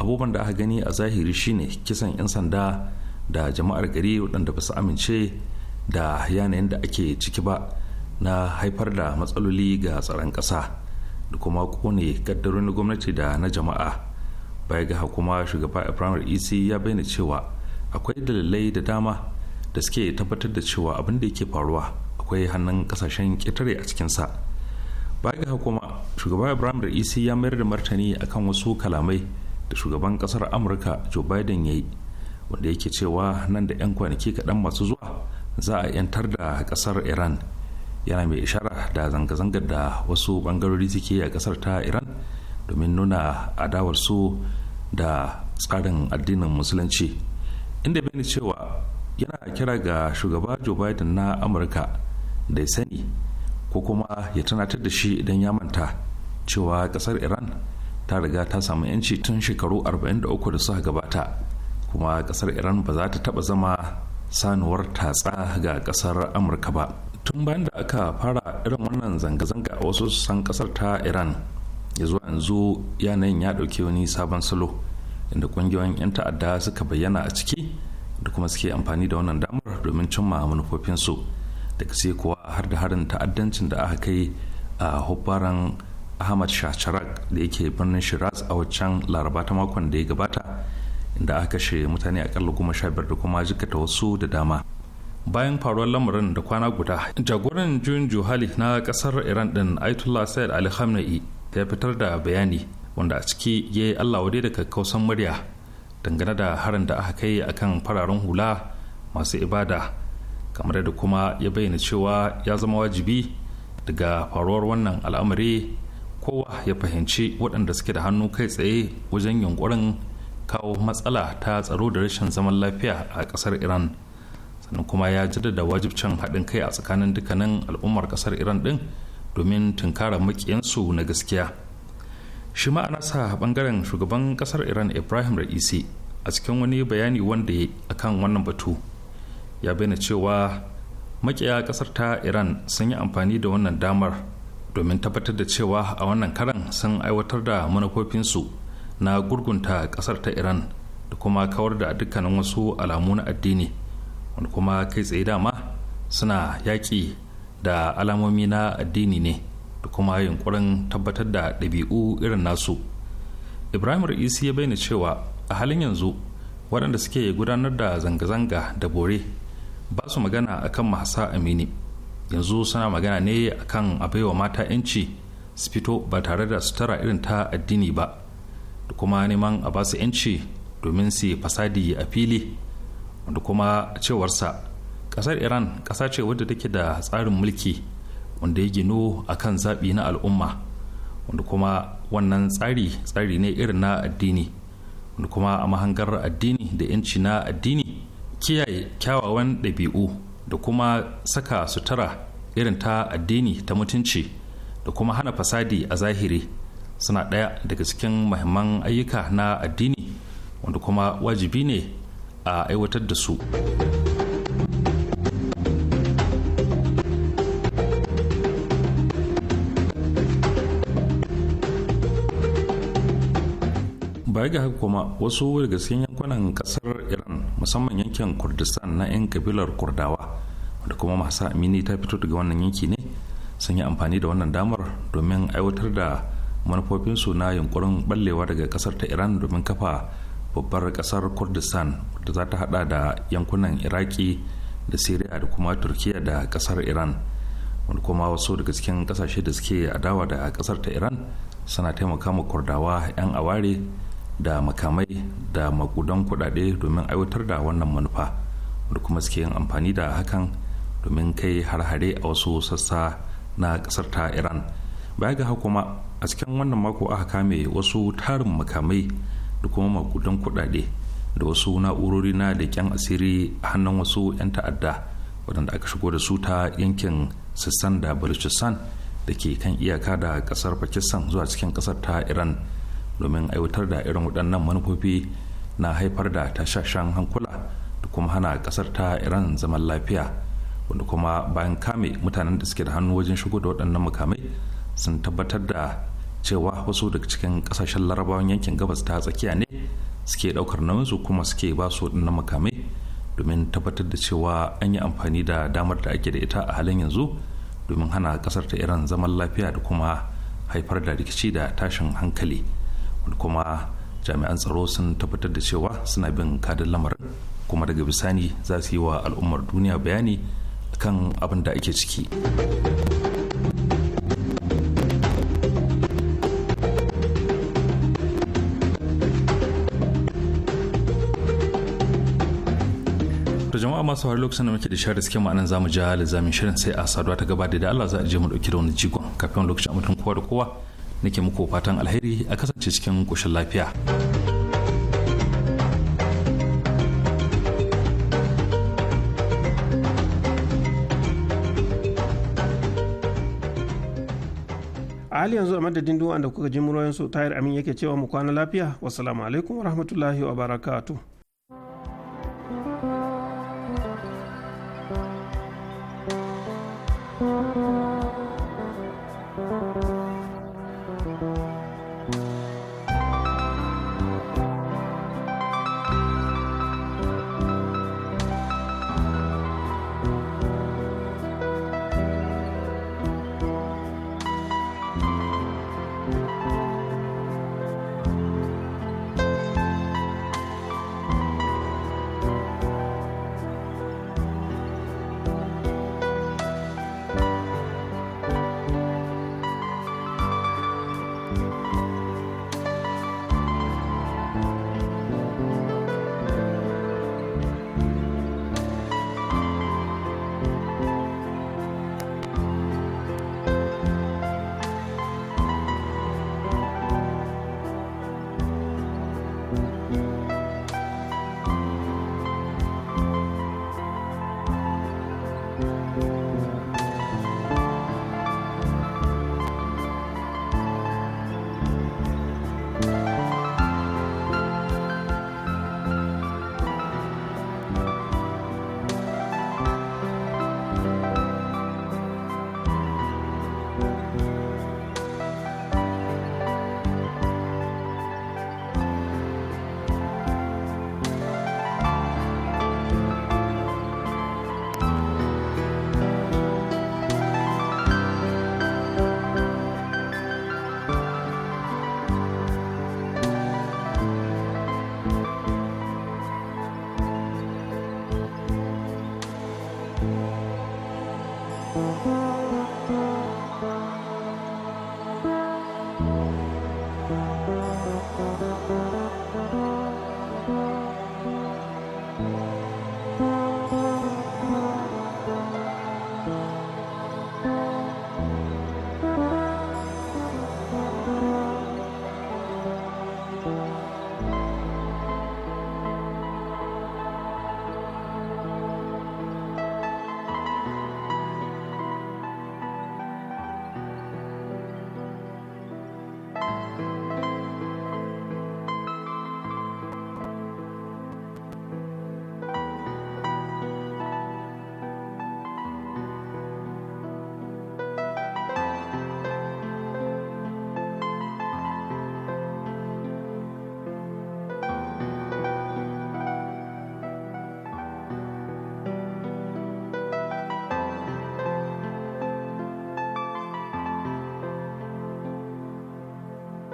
abubuwan da aka gani a zahiri shine kisan 'yan sanda da jama'ar gari waɗanda ba su amince da yanayin da ake ciki ba na haifar da matsaloli ga tsaron ƙasa da kuma kone na gwamnati da na jama'a baya ga hakuma shugaba ibrahim ec ya bayyana cewa akwai dalilai da dama da suke tabbatar da cewa abin da yake faruwa akwai hannun kasashen ƙetare a cikinsa baya ga kuma shugaba ibrahim da isi ya mayar da martani akan wasu kalamai da shugaban kasar amurka joe biden ya yi wanda yake cewa nan da 'yan kwanaki kaɗan masu zuwa za a 'yantar da kasar iran yana mai ishara da zanga-zangar da wasu bangarori suke a kasar ta iran domin nuna adawarsu da tsarin addinin musulunci inda bai cewa yana kira ga shugaba joe biden na amurka da ya sani ko kuma ya tunatar da shi idan ya manta cewa kasar iran ta riga ta samu yanci tun shekaru 43 da suka gabata kuma kasar iran ba za ta taba zama sanuwar tatsa ga kasar amurka ba tun bayan da aka fara irin wannan zanga-zanga a wasu san kasar ta iran ya zuwa yanzu yanayin ya ɗauki wani sabon salo inda ƙungiyoyin 'yan ta'adda suka bayyana a ciki da kuma suke amfani da wannan damar domin cimma manufofinsu daga sai kuwa har da harin ta'addancin da aka kai a hubbaran ahmad shacharak da yake birnin shiraz a waccan laraba ta makon da ya gabata inda aka kashe mutane akalla goma sha biyar da kuma jikata wasu da dama bayan faruwar lamarin da kwana guda jagoran jun juhali na kasar iran din aitullah sayyid ali khamenei ya fitar da bayani wanda a ciki ya yi allah wadai da kakkausan murya dangane da harin da aka kai akan fararen hula masu ibada kamar da kuma ya bayyana cewa ya zama wajibi daga faruwar wannan al'amari kowa ya fahimci waɗanda suke da hannu kai tsaye wajen yunkurin kawo matsala ta tsaro da rashin zaman lafiya a ƙasar iran sannan kuma ya jaddada wajibcin haɗin kai a tsakanin dukkanin al'ummar ƙasar iran ɗin domin tunkara makiyansu na gaskiya shi ma sa ɓangaren shugaban ƙasar iran ibrahim ra'isi a cikin wani bayani wanda ya akan wannan batu ya bayyana cewa makiya kasar ta iran sun yi amfani da wannan damar domin tabbatar da cewa a wannan karan sun aiwatar da manufofinsu na gurgunta kasar ta iran da kuma kawar da dukkanin wasu alamu na addini wanda kuma kai tsaye dama suna yaƙi da alamomi na addini ne da kuma yunkurin tabbatar da ɗabi'u irin nasu ibrahim isi ya bayyana cewa a halin yanzu waɗanda suke gudanar da zanga-zanga da bore ba su magana kan mahasa amini yanzu suna magana ne akan a baiwa mata 'yanci su fito ba tare da sutura irin ta addini ba da kuma neman a ba su 'yanci domin su fasadi a fili wanda kuma cewarsa ƙasar iran ƙasa ce wadda take da tsarin mulki wanda ya gino kan zaɓi na al'umma wanda kuma wannan tsari tsari ne irin na addini wanda kuma a mahangar addini da 'yanci na addini kiyaye kyawawan ɗabi'u da kuma saka sutura irin ta addini ta mutunci da kuma hana fasadi a zahiri suna ɗaya daga cikin mahimman ayyuka na addini wanda kuma wajibi ne a aiwatar da su baya ga haka kuma wasu daga cikin yankunan kasar iran musamman yankin kurdistan na 'yan kabilar kurdawa wanda kuma masu amini ta fito daga wannan yanki ne sun yi amfani da wannan damar domin aiwatar da manufofinsu na yunkurin ballewa daga kasar ta iran domin kafa babbar kasar kurdistan da za ta hada da yankunan iraki da syria da kuma turkiya da kasar iran wanda kuma wasu daga cikin kasashe da suke adawa da kasar ta iran suna taimaka ma kurdawa 'yan aware da makamai da makudan kudade domin aiwatar da wannan manufa da kuma suke yin amfani da hakan domin kai har a wasu sassa na kasar ta iran baya ga kuma a cikin wannan mako aka kame wasu tarin makamai da kuma makudan kudade da wasu na'urori na leƙen asiri a hannun wasu 'yan ta'adda waɗanda aka shigo da su ta yankin sassan da baluchistan da ke kan iyaka da ƙasar pakistan zuwa cikin ƙasar ta iran domin aiwatar da irin waɗannan manufofi na haifar da tashashen hankula da kuma hana ƙasar ta iran zaman lafiya wanda kuma bayan kame mutanen da suke da hannu wajen shigo da waɗannan mukamai sun tabbatar da cewa wasu daga cikin ƙasashen larabawan yankin gabas ta tsakiya ne suke ɗaukar nauyinsu kuma suke ba su waɗannan mukamai domin tabbatar da cewa an yi amfani da damar da ake da ita a halin yanzu domin hana ƙasar ta iran zaman lafiya da kuma haifar da rikici da tashin hankali. kuma jami'an tsaro sun tabbatar da cewa suna bin kadin lamarin kuma daga bisani za su yi wa al'ummar duniya bayani kan abin da ake ciki jama'a masu hari lokacin da muke da shirin suke ma'anan za mu ja lizamin shirin sai a saduwa ta gaba da Allah za a je mu dauki da wani jigon kafin lokacin mutum kowa da kowa nake muku fatan alheri a kasance cikin kushin lafiya. a hali yanzu a madadin duwanda da kuka ji su tayar amin yake cewa mu kwana lafiya wasu alaikum warahmatullahi wabarakatuh